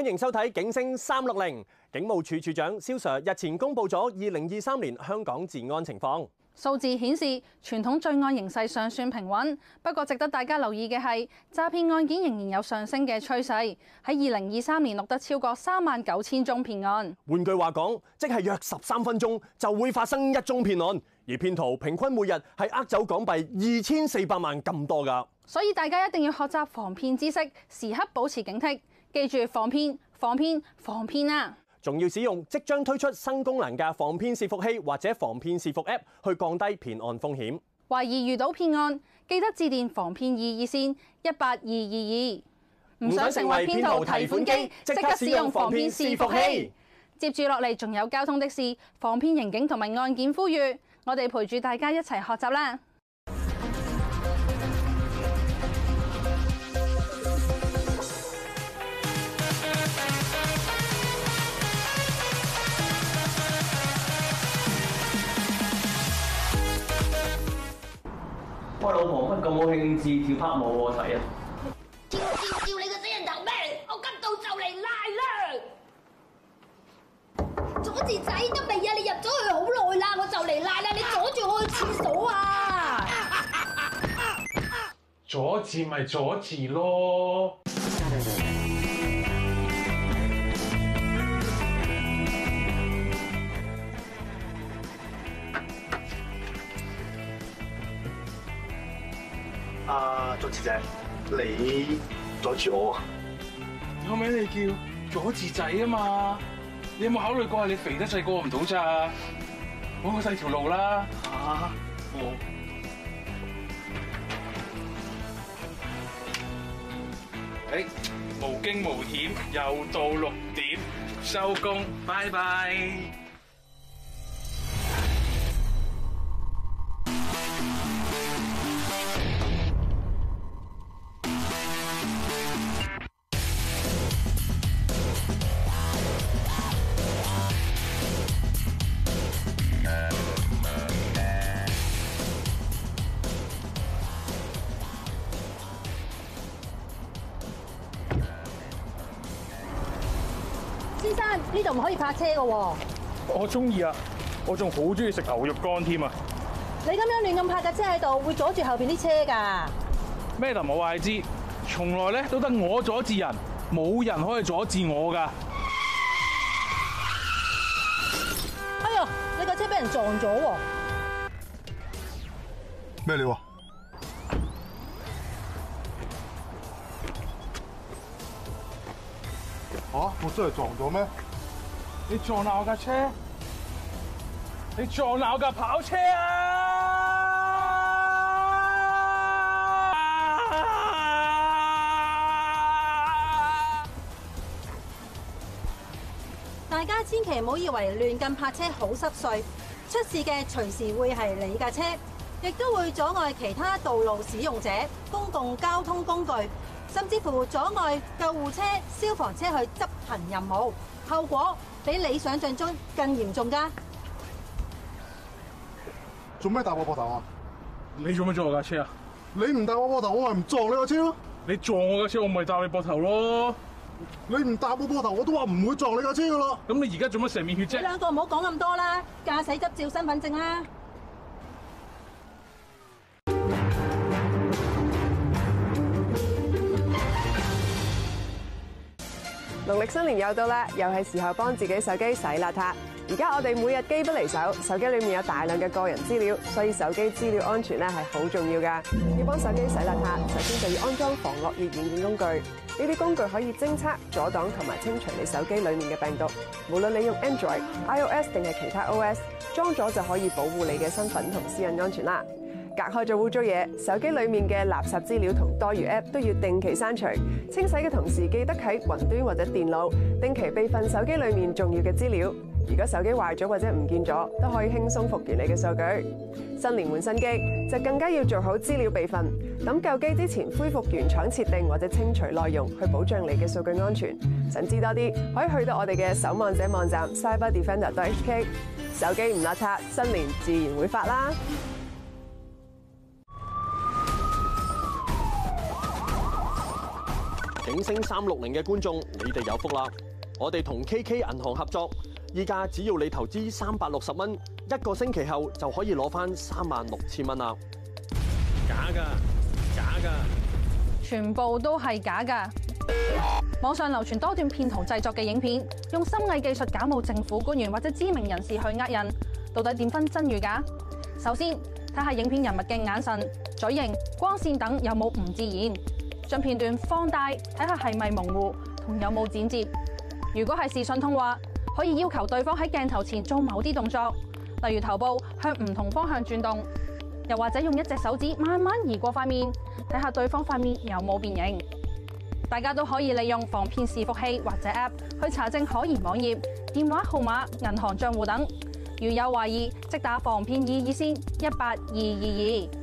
歡迎收睇《警聲三六零》。警務處處長蕭 Sir 日前公布咗二零二三年香港治安情況。數字顯示，傳統罪案形勢尚算平穩，不過值得大家留意嘅係，詐騙案件仍然有上升嘅趨勢。喺二零二三年錄得超過三萬九千宗騙案。換句話講，即係約十三分鐘就會發生一宗騙案，而騙徒平均每日係呃走港幣二千四百萬咁多噶。所以大家一定要學習防騙知識，時刻保持警惕。記住防騙、防騙、防騙啦！仲要使用即將推出新功能嘅防騙視伺器或者防騙視伺 app 去降低騙案風險。懷疑遇到騙案，記得致電防騙易熱線一八二二二。唔想成為騙徒提款機，即刻使用防騙視伺器。接住落嚟，仲有交通的士，防騙刑警同埋案件呼籲，我哋陪住大家一齊學習啦！老婆乜咁冇興致跳趴舞喎？睇啊！跳跳你個死人頭咩？我急到就嚟賴啦！阻住仔都未啊！你入咗去好耐啦，我就嚟賴啦！你阻住我去廁所啊？阻住咪阻住咯！啊，佐治仔，你阻住我啊！有名你叫佐治仔啊嘛？你有冇考慮過你肥得細過唔到咋？我細條路啦。啊，我、哦。誒、欸，無驚無險，又到六點，收工，拜拜。呢度唔可以泊車噶，我中意啊！我仲好中意食牛肉乾添啊！你咁樣亂咁泊架車喺度，會阻住後邊啲車噶。咩都冇話你知？從來咧都得我阻住人，冇人可以阻止我噶。哎喲，你架車俾人撞咗喎！咩料啊？吓，我真係撞咗咩？你撞鬧架車？你撞鬧架跑車啊！大家千祈唔好以為亂咁泊車好濕碎，出事嘅隨時會係你架車，亦都會阻礙其他道路使用者、公共交通工具，甚至乎阻礙救護車、消防車去執行任務。後果比你想象中更嚴重噶。做咩搭我膊頭啊？你做乜撞我架車啊？你唔搭我膊頭，我咪唔撞你架車咯。你撞我架車，我咪搭你膊頭咯。你唔搭我膊頭，我都話唔會撞你架車噶咯。咁你而家做乜成面血啫？你兩個唔好講咁多啦，駕駛執照身、身份證啦。農曆新年又到啦，又係時候幫自己手機洗邋遢。而家我哋每日機不離手，手機裏面有大量嘅個人資料，所以手機資料安全咧係好重要噶。要幫手機洗邋遢，首先就要安裝防惡意軟件工具。呢啲工具可以偵測、阻擋同埋清除你手機裏面嘅病毒。無論你用 Android、iOS 定係其他 OS，裝咗就可以保護你嘅身份同私隱安全啦。隔開咗污糟嘢，手機裏面嘅垃圾資料同多餘 App 都要定期刪除。清洗嘅同時，記得喺雲端或者電腦定期備份手機裏面重要嘅資料。如果手機壞咗或者唔見咗，都可以輕鬆復原你嘅數據。新年換新機就更加要做好資料備份。等舊機之前，恢復原廠設定或者清除內容，去保障你嘅數據安全。想知多啲，可以去到我哋嘅守望者網站 cyberdefender.hk。手機唔垃圾，新年自然會發啦！警聲三六零嘅觀眾，你哋有福啦！我哋同 KK 銀行合作，依家只要你投資三百六十蚊，一個星期後就可以攞返三萬六千蚊啦！假噶，假噶，全部都係假噶！網上流傳多段騙徒製作嘅影片，用深偽技術假冒政府官員或者知名人士去呃人，到底點分真與假？首先睇下影片人物嘅眼神、嘴型、光線等有冇唔自然。將片段放大，睇下係咪模糊同有冇剪接。如果係視訊通話，可以要求對方喺鏡頭前做某啲動作，例如頭部向唔同方向轉動，又或者用一隻手指慢慢移過塊面，睇下對方塊面有冇變形。大家都可以利用防騙視服器或者 App 去查證可疑網頁、電話號碼、銀行賬戶等。如有懷疑，即打防騙易線，18222。